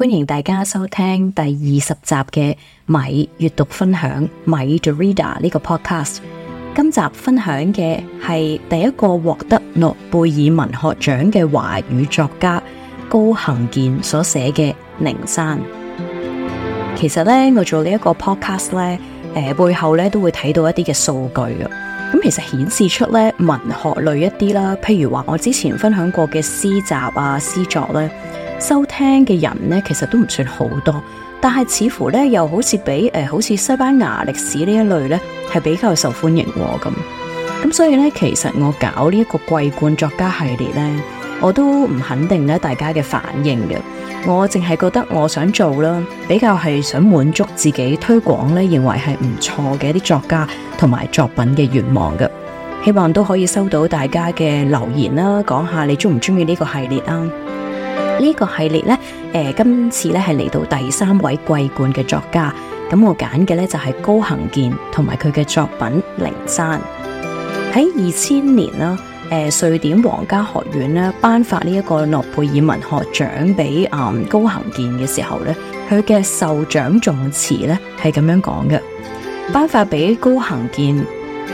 歡迎大家收聽第二十集嘅米閱讀分享 Mic the Reader 呢個 podcast。今集分享嘅係第一個獲得諾貝爾文學獎嘅華語作家高行健所寫嘅《靈山》。其實咧，我做呢一個 podcast 咧，誒、呃、背後咧都會睇到一啲嘅數據嘅。咁其實顯示出咧文學類一啲啦，譬如話我之前分享過嘅詩集啊、詩作咧。收聽嘅人呢，其實都唔算好多，但係似乎呢，又好似比誒、呃，好似西班牙歷史呢一類呢，係比較受歡迎喎。咁咁，所以呢，其實我搞呢一個桂冠作家系列呢，我都唔肯定咧，大家嘅反應嘅。我淨係覺得我想做啦，比較係想滿足自己推廣呢，認為係唔錯嘅一啲作家同埋作品嘅願望嘅。希望都可以收到大家嘅留言啦，講下你中唔中意呢個系列啊？呢個系列咧，誒、呃，今次咧係嚟到第三位桂冠嘅作家，咁我揀嘅咧就係高行健同埋佢嘅作品《靈山》。喺二千年啦，誒，瑞典皇家學院咧頒發呢一個諾貝爾文學獎俾阿、嗯、高行健嘅時候咧，佢嘅受獎頌詞咧係咁樣講嘅：頒發俾高行健，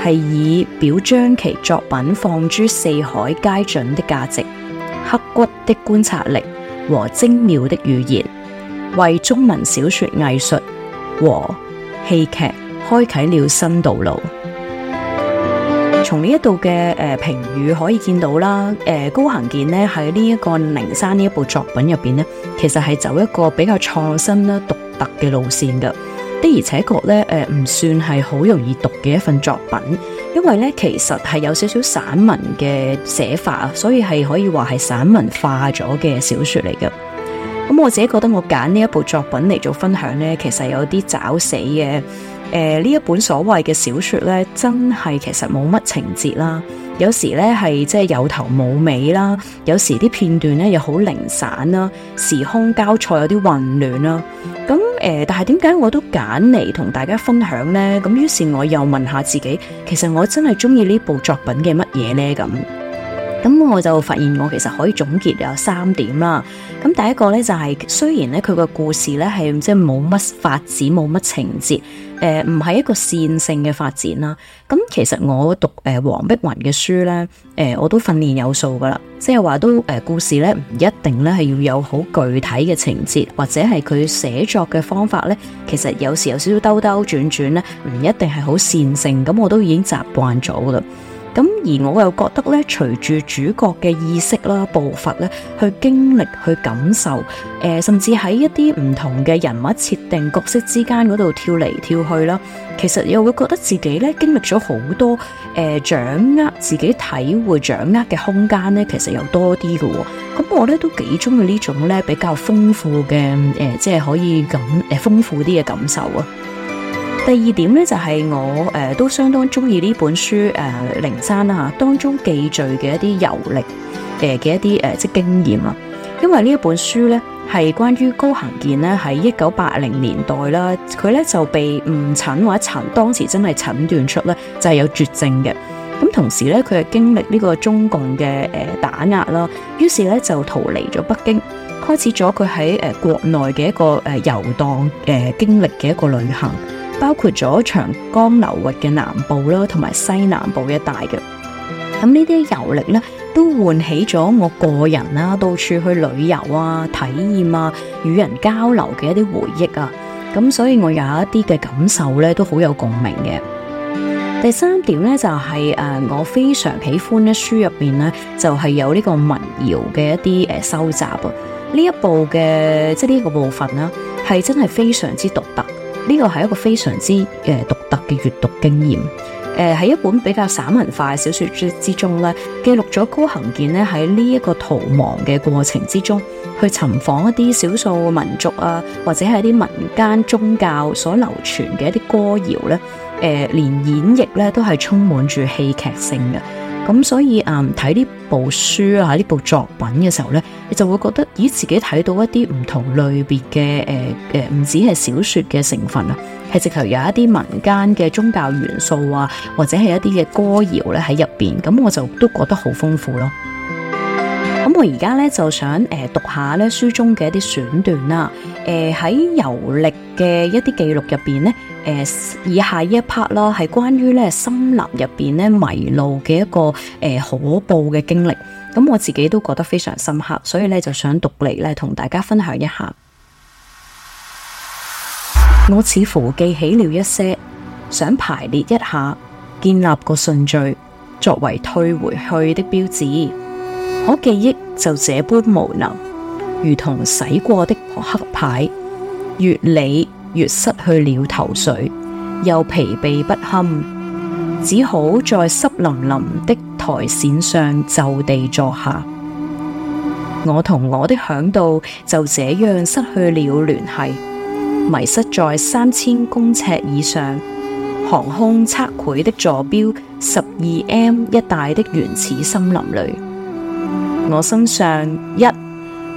係以表彰其作品放諸四海皆準的價值、刻骨的觀察力。和精妙的語言，為中文小說藝術和戲劇開啟了新道路。從呢一度嘅誒評語可以見到啦，誒高行健咧喺呢一個靈山呢一部作品入邊咧，其實係走一個比較創新啦、獨特嘅路線噶，的而且確咧，誒唔算係好容易讀嘅一份作品。因為咧，其實係有少少散文嘅寫法啊，所以係可以話係散文化咗嘅小說嚟嘅。咁我自己覺得我揀呢一部作品嚟做分享呢，其實有啲找死嘅。誒、呃，呢一本所謂嘅小說呢，真係其實冇乜情節啦，有時呢係即係有頭冇尾啦，有時啲片段呢又好零散啦，時空交錯有啲混亂啦，咁。但係點解我都揀嚟同大家分享呢？咁於是我又問下自己，其實我真係鍾意呢部作品嘅乜嘢咧？咁。咁我就發現我其實可以總結有三點啦。咁第一個咧就係雖然咧佢個故事咧係即係冇乜發展冇乜情節，誒唔係一個線性嘅發展啦。咁其實我讀誒黃碧雲嘅書咧，誒、呃、我都訓練有數噶啦，即係話都誒、呃、故事咧唔一定咧係要有好具體嘅情節，或者係佢寫作嘅方法咧，其實有時有少少兜兜轉轉咧，唔一定係好線性。咁我都已經習慣咗噶啦。咁而我又覺得咧，隨住主角嘅意識啦、步伐咧，去經歷、去感受，誒、呃，甚至喺一啲唔同嘅人物設定角色之間嗰度跳嚟跳去啦，其實又會覺得自己咧經歷咗好多，誒、呃，掌握自己體會、掌握嘅空間咧，其實又多啲嘅、哦。咁我咧都幾中意呢種咧比較豐富嘅，誒、呃，即係可以咁誒、呃、豐富啲嘅感受啊！第二點咧就係、是、我誒、呃、都相當中意呢本書誒靈山啦吓，當中記敘嘅一啲遊歷誒嘅、呃、一啲誒、呃、即經驗、啊、因為呢一本書咧係關於高行健咧喺一九八零年代啦，佢咧就被誤診或者曾當時真係診斷出咧就係、是、有絕症嘅，咁同時咧佢係經歷呢個中共嘅誒打壓啦，於是咧就逃離咗北京，開始咗佢喺誒國內嘅一個誒遊蕩誒、呃、經歷嘅一個旅行。包括咗長江流域嘅南部啦，同埋西南部一帶嘅。咁呢啲遊歷咧，都喚起咗我個人啦，到處去旅遊啊、體驗啊、與人交流嘅一啲回憶啊。咁所以我有一啲嘅感受咧，都好有共鳴嘅。第三點咧，就係誒，我非常喜歡咧，書入邊咧就係有呢個民謠嘅一啲誒收集啊。呢一部嘅即係呢個部分啦，係真係非常之獨特。這個是一個非常之獨特的閱讀經驗，呃，在一本比較散文化小說之中記錄了高行健在這個逃亡的過程之中，去尋訪一些少數民族啊，或者是一些民間宗教所流傳的一些歌謠咧，呃，連演繹咧都是充滿着戲劇性的咁所以啊，睇呢部書啊，呢部作品嘅時候咧，你就會覺得以自己睇到一啲唔同類別嘅誒誒，唔止係小說嘅成分啊，係直頭有一啲民間嘅宗教元素啊，或者係一啲嘅歌謠咧喺入邊，咁我就都覺得好豐富咯。咁我而家咧就想誒、呃、讀一下咧書中嘅一啲選段啦，誒喺遊歷嘅一啲記錄入邊咧。以下一 part 啦，係關於呢森林入邊呢迷路嘅一個誒可怖嘅經歷。咁我自己都覺得非常深刻，所以呢，就想讀嚟，呢同大家分享一下。 我似乎記起了一些，想排列一下，建立個順序，作為退回去的標誌。可記憶就這般無能，如同洗過的撲克牌，越理。越失去了頭緒，又疲憊不堪，只好在濕淋淋的苔蘚上就地坐下。我同我的嚮導就這樣失去了聯繫，迷失在三千公尺以上航空測繪的坐標十二 M 一帶的原始森林裏。我身上一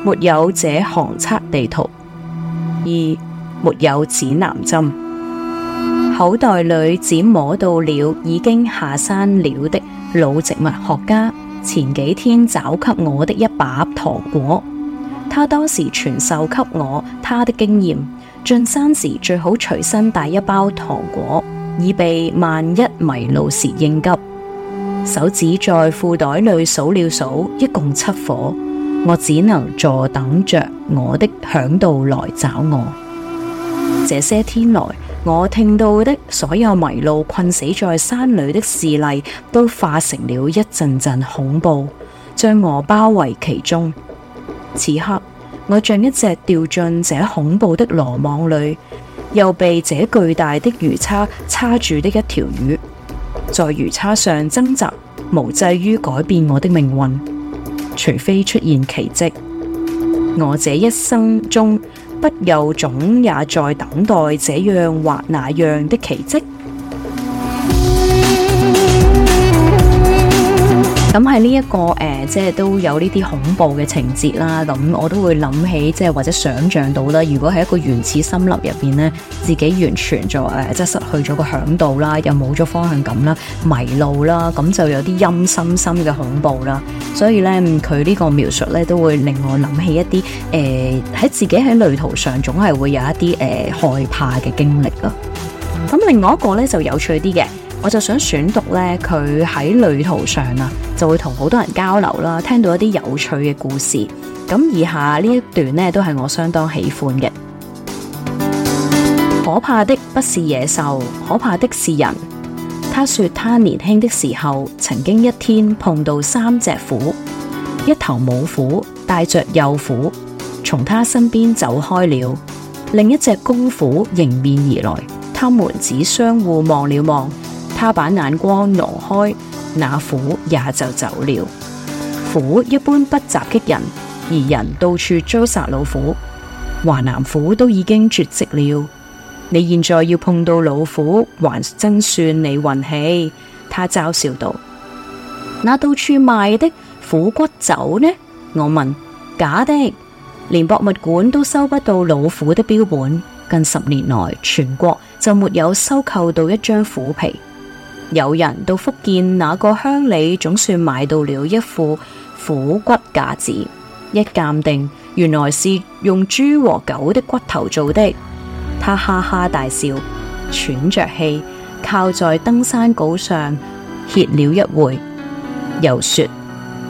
沒有這航測地圖，二，沒有指南針，口袋裏只摸到了已經下山了的老植物學家前幾天找給我的一把糖果。他當時傳授給我他的經驗：進山時最好隨身帶一包糖果，以備萬一迷路時應急。手指在褲袋裏數了數，一共七顆。我只能坐等着我的嚮導來找我。這些天來，我聽到的所有迷路困死在山裏的事例，都化成了一陣陣恐怖，將我包圍其中。此刻，我像一隻掉進這恐怖的羅網裏，又被這巨大的魚叉叉住的一條魚，在魚叉上掙扎，無濟於改變我的命運，除非出現奇跡。我這一生中。不由，總也在等待這樣或那樣的奇蹟。咁喺呢一個誒、呃，即係都有呢啲恐怖嘅情節啦。咁我都會諗起，即係或者想象到啦。如果喺一個原始森林入邊咧，自己完全就誒、呃，即係失去咗個嚮導啦，又冇咗方向感啦，迷路啦，咁就有啲陰森森嘅恐怖啦。所以咧，佢呢個描述咧，都會令我諗起一啲誒，喺、呃、自己喺旅途上總係會有一啲誒、呃、害怕嘅經歷啦。咁另外一個咧就有趣啲嘅，我就想選讀咧佢喺旅途上啊。就會同好多人交流啦，聽到一啲有趣嘅故事。咁以下呢一段呢，都係我相當喜歡嘅。可怕的不是野獸，可怕的是人。他說他年輕的時候，曾經一天碰到三隻虎，一頭母虎帶着幼虎從他身邊走開了，另一隻公虎迎面而來，他們只相互望了望，他把眼光挪開。那虎也就走了。虎一般不襲擊人，而人到處追殺老虎。華南虎都已經絕跡了。你現在要碰到老虎，還真算你運氣。他嘲笑道：那到處賣的虎骨酒呢？我問。假的，連博物館都收不到老虎的標本。近十年來，全國就沒有收購到一張虎皮。有人到福建那個鄉裏，總算買到了一副虎骨架子，一鑒定原來是用豬和狗的骨頭做的，他哈哈大笑，喘着氣靠在登山稿上歇了一會，又說：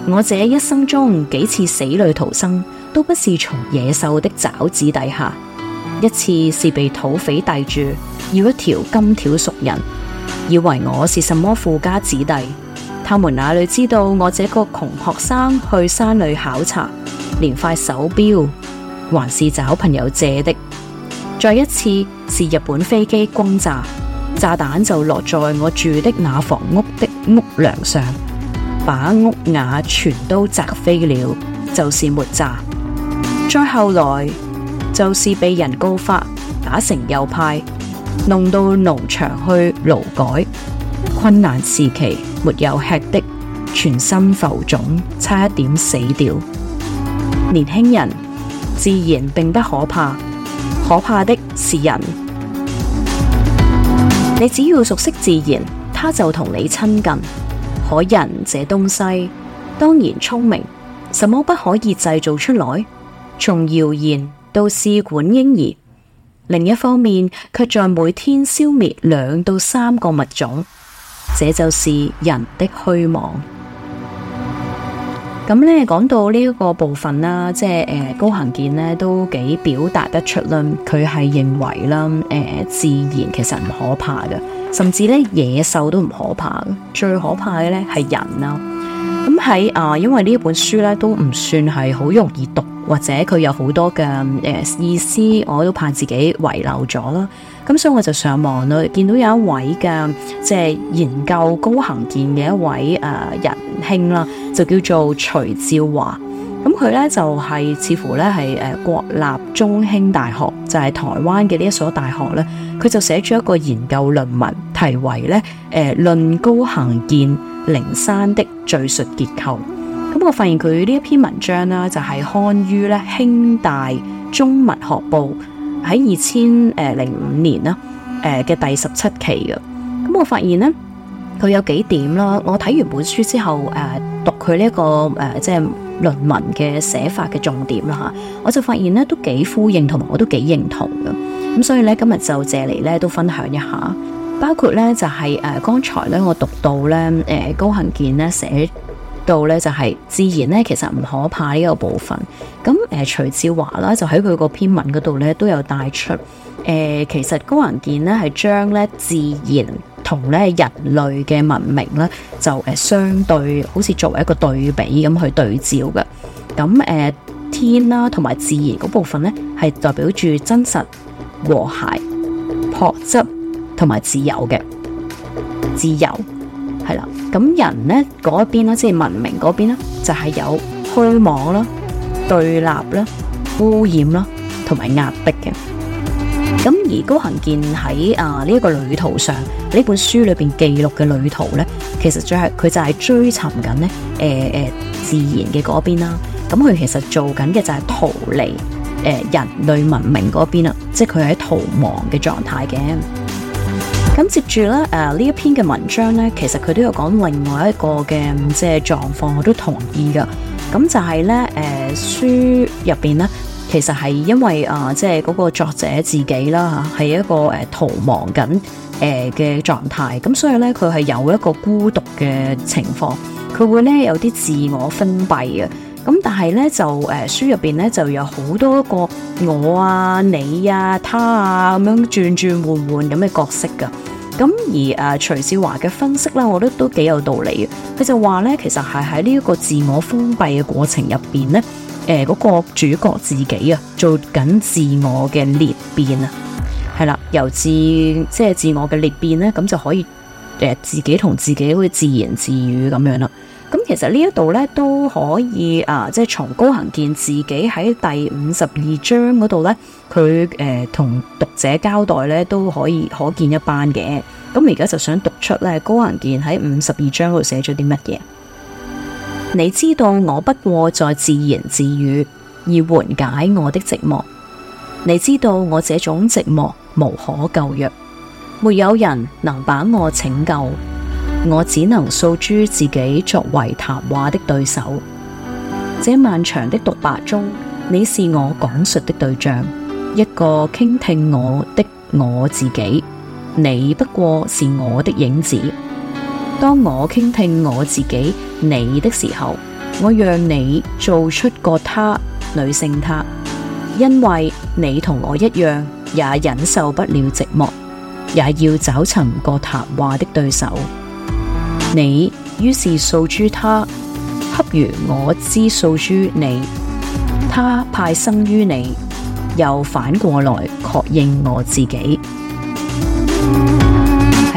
我這一生中幾次死裏逃生，都不是從野獸的爪子底下，一次是被土匪逮住要一條金條贖人。以為我是什麼富家子弟，他們哪裡知道我這個窮學生去山裡考察，連塊手表還是找朋友借的。再一次是日本飛機轟炸，炸彈就落在我住的那房屋的屋梁上，把屋瓦全都砸飛了，就是沒炸。再後來就是被人告發，打成右派。弄到農場去勞改，困難時期沒有吃的，全身浮腫，差一點死掉。年輕人自然並不可怕，可怕的是人。你只要熟悉自然，他就同你親近。可人這東西當然聰明，什麼不可以製造出來？從謠言到試管嬰兒。另一方面，卻在每天消滅兩到三個物種，這就是人的虛妄。咁咧，講到呢一個部分啦，即係誒，高行健呢都幾表達得出啦。佢係認為啦，誒、呃，自然其實唔可怕嘅，甚至咧野獸都唔可怕嘅，最可怕嘅咧係人啊。咁喺啊，因為呢本書呢都唔算係好容易讀，或者佢有好多嘅意思，我都怕自己遺留咗啦。咁所以我就上網咯，見到有一位嘅即係研究高行健嘅一位誒、啊、仁兄啦，就叫做徐照華。咁佢咧就係、是、似乎咧係誒國立中興大學就係、是、台灣嘅呢一所大學咧，佢就寫咗一個研究論文，題為咧誒論高行健靈山的敘述結構。咁我發現佢呢一篇文章啦，就係刊於咧興大中文學報，喺二千誒零五年啦誒嘅第十七期嘅。咁我發現咧佢有幾點啦，我睇完本書之後誒、呃、讀佢呢一個誒、呃、即係。論文嘅寫法嘅重點啦吓，我就發現咧都幾呼應，同埋我都幾認同嘅。咁所以咧今日就借嚟咧都分享一下，包括呢就係誒剛才咧我讀到咧誒高行健咧寫到呢就係自然呢其實唔可怕呢個部分。咁誒徐照華啦就喺佢個篇文嗰度咧都有帶出，誒其實高行健咧係將咧自然。同咧人類嘅文明咧就誒相對，好似作為一個對比咁去對照嘅。咁誒天啦，同埋自然嗰部分咧係代表住真實和諧、和諧、樸質同埋自由嘅。自由係啦，咁人咧嗰一邊啦，即、就、係、是、文明嗰邊啦，就係、是、有虛妄啦、對立啦、污染啦同埋壓迫嘅。而高行健喺、啊、這呢個旅途上呢，本書裏面記錄嘅旅途呢，其實最、就是佢就係追尋緊、呃呃、自然嘅嗰邊啦。咁佢其實做緊嘅就係逃離、呃、人類文明嗰邊啦，即係他在佢喺逃亡嘅狀態嘅。咁接住、啊、這呢一篇嘅文章呢，其實佢都有講另外一個嘅、嗯、狀況，我都同意㗎。咁就係呢、呃、書入面呢其實係因為啊，即係嗰個作者自己啦，係一個誒、呃、逃亡緊誒嘅狀態，咁所以咧佢係有一個孤獨嘅情況，佢會咧有啲自我封閉啊，咁但係咧就誒、呃、書入邊咧就有好多一個我啊、你啊、他啊咁樣轉轉換換咁嘅角色噶，咁而啊、呃、徐照華嘅分析啦，我覺得都幾有道理，佢就話咧其實係喺呢一個自我封閉嘅過程入邊咧。誒，嗰個主角自己啊，做緊自我嘅裂變啊，係啦，由自即係自我嘅裂變咧，咁就可以呃，自己同自己好似自言自語咁樣啦。咁其實呢一度咧都可以啊，即係從高行健自己喺第五十二章嗰度咧，佢呃同讀者交代咧都可以可見一斑嘅。咁而家就想讀出咧，高行健喺五十二章嗰度寫咗啲乜嘢。你知道我不過在自言自語，以緩解我的寂寞。你知道我這種寂寞無可救藥，沒有人能把我拯救，我只能訴諸自己作為談話的對手。這漫長的獨白中，你是我講述的對象，一個傾聽我的我自己。你不過是我的影子。當我傾聽我自己你的時候，我讓你做出個她，女性她，因為你同我一樣，也忍受不了寂寞，也要找尋個談話的對手。你於是訴諸她，恰如我之訴諸你。她派生於你，又反過來確認我自己。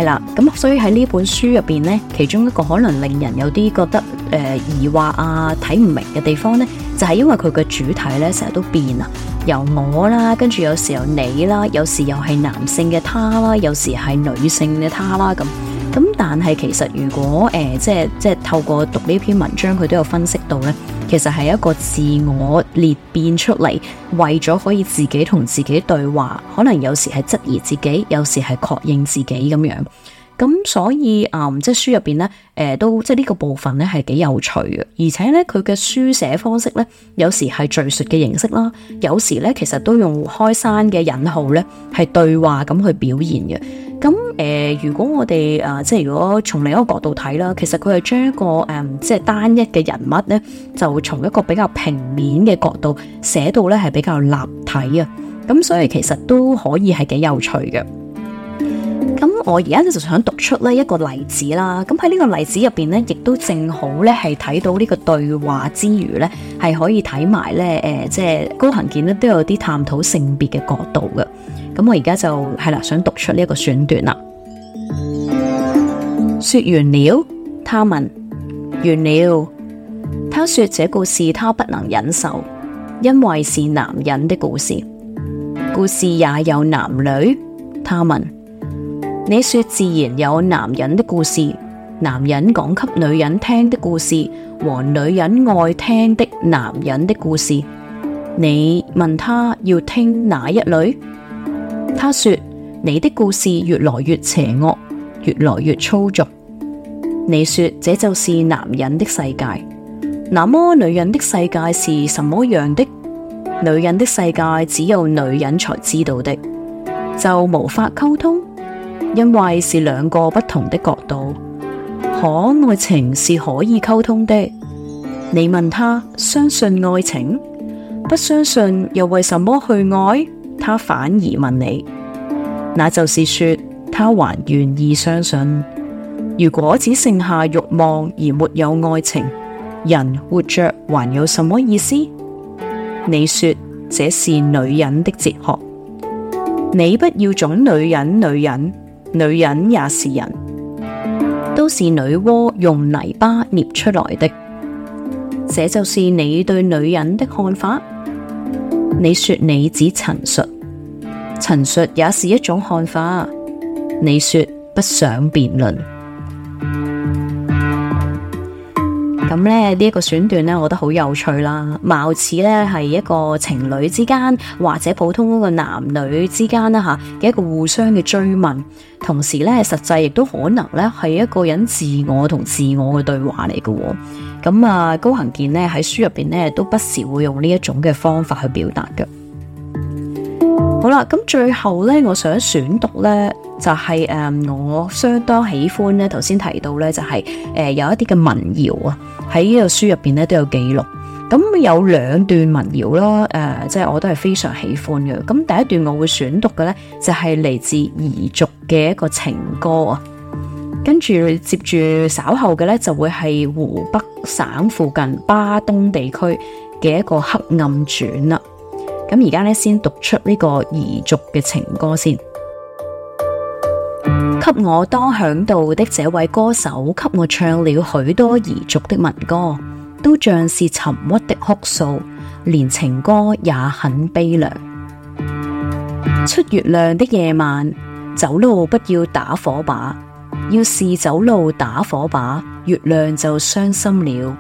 啦，咁所以喺呢本書入邊咧，其中一個可能令人有啲覺得誒、呃、疑惑啊，睇唔明嘅地方咧，就係、是、因為佢嘅主題咧成日都變啊，由我啦，跟住有時又你啦，有時又係男性嘅他啦，有時係女性嘅她啦咁。咁但係其實如果誒、呃、即係即係透過讀呢篇文章佢都有分析到咧，其實係一個自我裂變出嚟，為咗可以自己同自己對話，可能有時係質疑自己，有時係確認自己咁樣。咁所以啊、嗯，即係書入邊咧，誒、呃、都即係呢個部分咧係幾有趣嘅，而且咧佢嘅書寫方式咧，有時係敘述嘅形式啦，有時咧其實都用開山嘅引號咧係對話咁去表現嘅。咁誒、呃，如果我哋誒、呃，即係如果從另一個角度睇啦，其實佢係將一個誒、呃，即係單一嘅人物咧，就從一個比較平面嘅角度寫到咧係比較立體啊。咁所以其實都可以係幾有趣嘅。咁我而家就想讀出呢一個例子啦。咁喺呢個例子入邊咧，亦都正好咧係睇到呢個對話之餘咧，係可以睇埋咧誒，即係高行健咧都有啲探討性別嘅角度嘅。咁我而家就係啦，想讀出呢一個選段啦。說完了，他問完了，他說這故事他不能忍受，因為是男人的故事。故事也有男女，他問你說自然有男人的故事，男人講給女人聽的故事，和女人愛聽的男人的故事，你問他要聽哪一類？他說：你的故事越來越邪惡，越來越粗俗。你說這就是男人的世界，那麼女人的世界是什麼樣的？女人的世界只有女人才知道的，就無法溝通，因為是兩個不同的角度。可愛情是可以溝通的，你問他相信愛情？不相信又為什麼去愛？他反而問你，那就是說，他還願意相信。如果只剩下欲望而沒有愛情，人活着還有什麼意思？你說這是女人的哲學。你不要總女人女人女人也是人，都是女媧用泥巴捏出來的。這就是你對女人的看法。你說你只陳述。陳述也是一種看法，你說不想辯論。咁咧呢一個選段呢，我覺得好有趣啦，貌似呢係一個情侶之間或者普通嗰個男女之間啦吓，嘅一個互相嘅追問，同時呢，實際亦都可能呢係一個人自我同自我嘅對話嚟嘅。咁啊，高行健呢喺書入邊呢，都不時會用呢一種嘅方法去表達嘅。好啦，咁最後咧，我想選讀咧，就係、是、誒、嗯、我相當喜歡咧。頭先提到咧，就係、是、誒、呃、有一啲嘅民謠啊，喺呢個書入邊咧都有記錄。咁有兩段民謠啦，誒、即係我都係非常喜歡嘅。咁第一段我會選讀嘅咧，就係、是、嚟自彝族嘅一個情歌啊。跟住接住稍後嘅咧，就會係湖北省附近巴東地區嘅一個黑暗傳啦。咁而家呢，先讀出呢個彝族嘅情歌先。給我當嚮導的這位歌手，給我唱了許多彝族的民歌，都像是沉鬱的哭訴，連情歌也很悲涼。出月亮的夜晚，走路不要打火把；要是走路打火把，月亮就傷心了。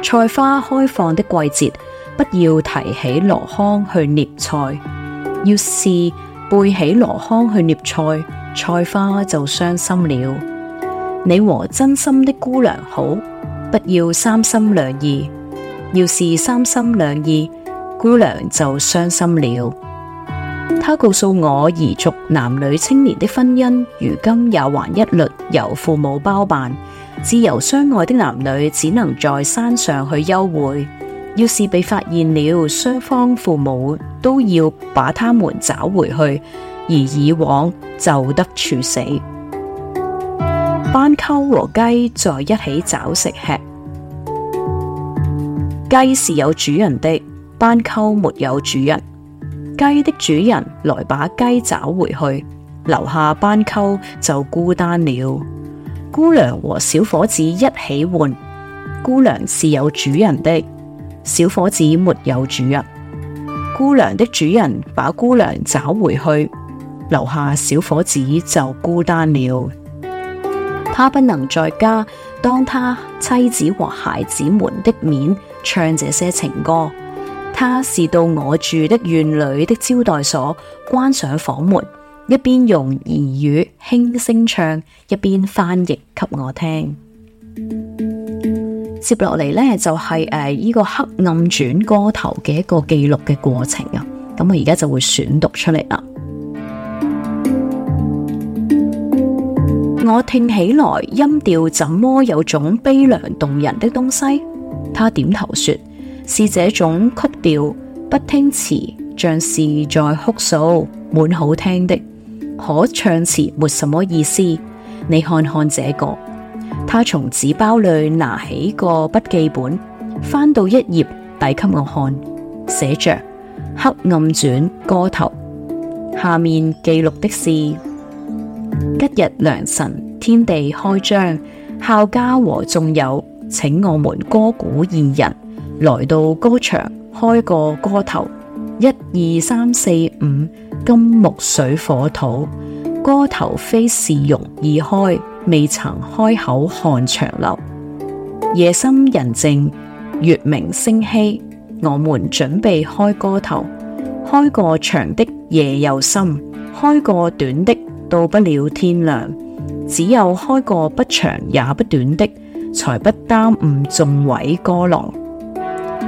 菜花開放的季節，不要提起籮筐去捏菜，要是背起籮筐去捏菜，菜花就傷心了。你和真心的姑娘好，不要三心兩意，要是三心兩意，姑娘就傷心了。他告訴我，彝族男女青年的婚姻如今也還一律由父母包辦，自由相愛的男女只能在山上去幽會。要是被發現了，雙方父母都要把他們找回去，而以往就得處死。斑鳩和雞在一起找食吃，雞是有主人的，斑鳩沒有主人。雞的主人來把雞找回去，留下斑鳩就孤單了。姑娘和小伙子一起玩，姑娘是有主人的。小伙子沒有主人，姑娘的主人把姑娘找回去，留下小伙子就孤單了。他不能在家，當他妻子和孩子們的面唱這些情歌。他是到我住的院裏的招待所，關上房門，一邊用彝語輕聲唱，一邊翻譯給我聽。接落嚟呢，就係誒呢個黑暗轉歌頭嘅一個記錄嘅過程啊，咁我而家就會選讀出嚟啦。 我聽起來音調怎麼有種悲涼動人的東西？他點頭說：是這種曲調，不聽詞，像是在哭訴，滿好聽的，可唱詞沒什麼意思。你看看這個。他從紙包裏拿起個筆記本，翻到一頁，遞給我看，寫着《黑暗轉歌頭》，下面記錄的是：吉日良辰，天地開張，孝家和眾友，請我們歌鼓二人來到歌場，開個歌頭。一二三四五，金木水火土，歌頭非是容易開。未曾開口看長流，夜深人靜，月明星稀。我們準備開歌頭，開個長的夜又深，開個短的到不了天亮，只有開個不長也不短的，才不耽誤眾位歌郎。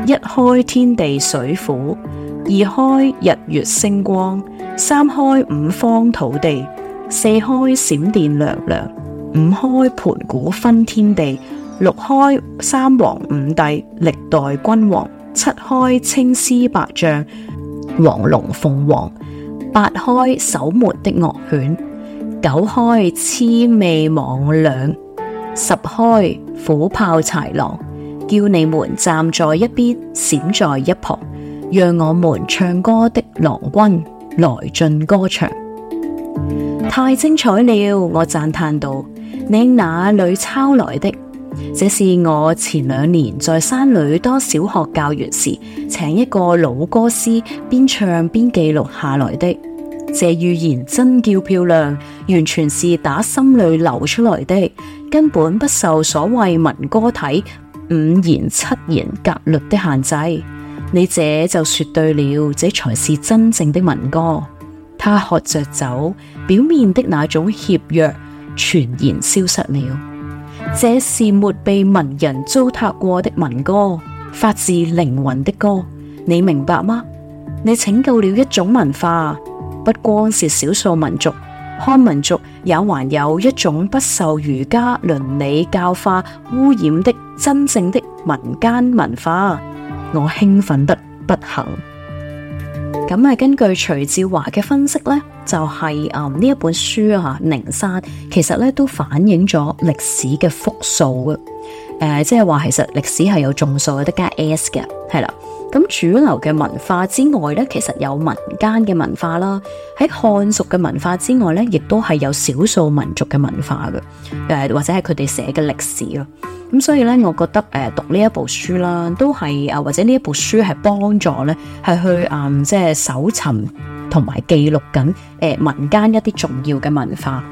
一開天地水府，二開日月星光，三開五方土地，四開閃電亮亮。五開盤古分天地，六開三皇五帝歷代君王，七開青絲白將黃龍鳳凰，八開守門的惡犬，九開魑魅魍魎，十開虎豹豺狼，叫你們站在一邊，閃在一旁，讓我們唱歌的郎君來進歌場。太精彩了，我讚嘆道。你哪裏抄來的？這是我前兩年在山裏當小學教員時，請一個老歌師邊唱邊記錄下來的。這語言真叫漂亮，完全是打心裏流出來的，根本不受所謂民歌體五言七言格律的限制。你這就說對了，這才是真正的民歌。他喝着酒，表面的那種怯弱，全然消失了。這是沒被文人糟蹋過的民歌，發自靈魂的歌。你明白嗎？你拯救了一種文化，不光是少數民族漢民族，也還有一種不受儒家倫理教化污染的真正的民間文化。我興奮得不行。咁啊，根據徐照華嘅分析咧。就係誒呢一本書啊，靈山其實咧都反映咗歷史嘅複數嘅，誒即係話其實歷史係有眾數嘅，有得加 s 嘅，係啦。咁主流嘅文化之外咧，其實有民間嘅文化啦。喺漢族嘅文化之外咧，亦都係有少數民族嘅文化嘅，誒、呃、或者係佢哋寫嘅歷史咯。咁、嗯、所以咧，我覺得誒、呃、讀呢一部書啦，都係或者這一本呢一部書係幫助咧，係去誒即係搜尋。同埋記錄緊誒民間一啲重要嘅文化，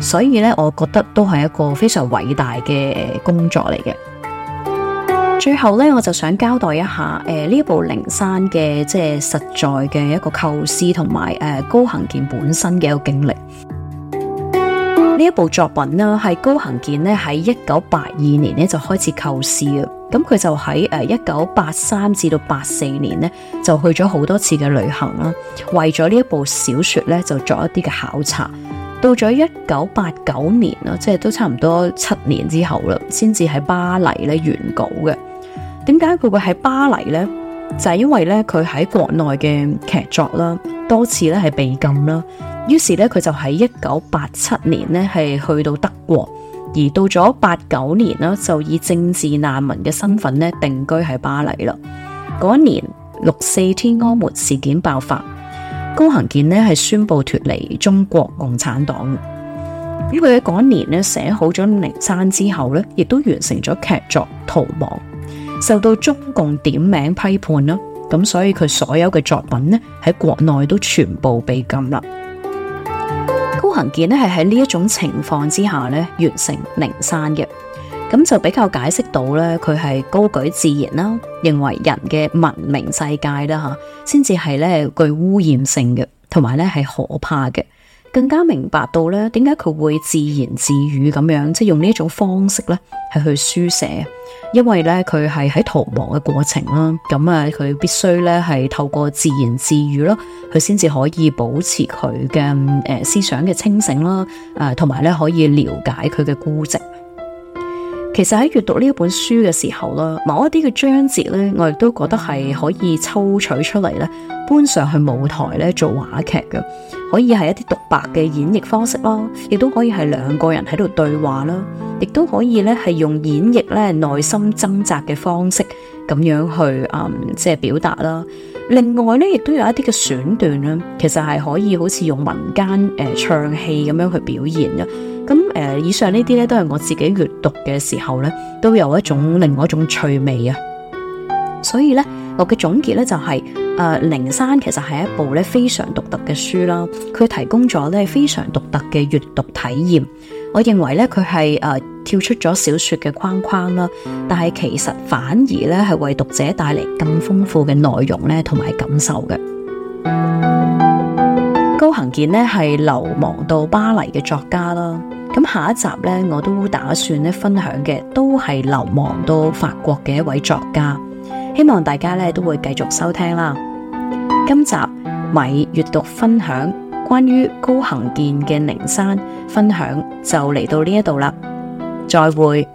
所以咧，我覺得都係一個非常偉大嘅工作嚟嘅。最後咧，我就想交代一下誒呢、呃、一部的《靈山》嘅即係實在嘅一個構思，同埋誒高行健本身嘅一個經歷。呢一部作品呢，係高行健呢，喺一九八二年呢，就開始構思啊。咁佢就喺誒一九八三至到八四年呢，就去咗好多次嘅旅行啦，為咗呢一部小說呢，就作一啲嘅考察。到咗一九八九年啦，即係都差唔多七年之後啦，先至喺巴黎咧原稿嘅。點解佢會喺巴黎呢？就係因為呢，佢喺國內嘅劇作啦，多次咧係被禁啦。於是咧，佢就喺一九八七年呢係去到德國，而到咗八九年呢，就以政治難民嘅身份呢定居喺巴黎啦。嗰一年六四天安門事件爆發，高行健呢係宣布脱離中國共產黨。咁佢喺嗰一年呢寫好咗《靈山》之後呢，亦都完成咗劇作《逃亡》，受到中共點名批判啦。咁所以佢所有嘅作品呢喺國內都全部被禁啦。行健咧，係喺呢一種情況之下咧，完成靈山嘅，咁就比較解釋到咧，佢係高舉自然啦，認為人嘅文明世界啦吓，先至係咧，具污染性嘅，同埋咧，係可怕嘅。更加明白到咧，點解佢會自言自語咁樣，即係用呢一種方式咧，係去書寫。因為咧，佢係喺逃亡嘅過程啦，咁啊，佢必須咧係透過自言自語咯，佢先至可以保持佢嘅誒思想嘅清醒啦，誒，同埋咧可以了解佢嘅孤寂。其實喺閱讀呢一本書嘅時候啦，某一啲嘅章節咧，我亦都覺得係可以抽取出嚟咧，搬上去舞台咧做話劇嘅。可以係一啲獨白嘅演繹方式咯，亦都可以係兩個人喺度對話啦，亦都可以咧係用演繹咧內心掙扎嘅方式咁樣去嗯即係、就是、表達啦。另外咧，亦都有一啲嘅選段啦，其實係可以好似用民間誒、呃、唱戲咁樣去表現嘅。咁、呃、誒，以上呢啲咧都係我自己閱讀嘅時候咧，都有一種另外一種趣味啊。所以咧。我嘅總結咧就係、是，誒、呃，《靈山》其實係一部咧非常獨特嘅書啦，佢提供咗咧非常獨特嘅閱讀體驗。我認為咧佢係誒跳出咗小說嘅框框啦，但係其實反而咧係為讀者帶嚟更豐富嘅內容咧同埋感受嘅。高行健咧係流亡到巴黎嘅作家啦，咁下一集咧我都打算咧分享嘅都係流亡到法國嘅一位作家。希望大家都會繼續收聽啦。今集米閱讀分享關於高行健嘅《靈山》分享就嚟到呢度啦，再會。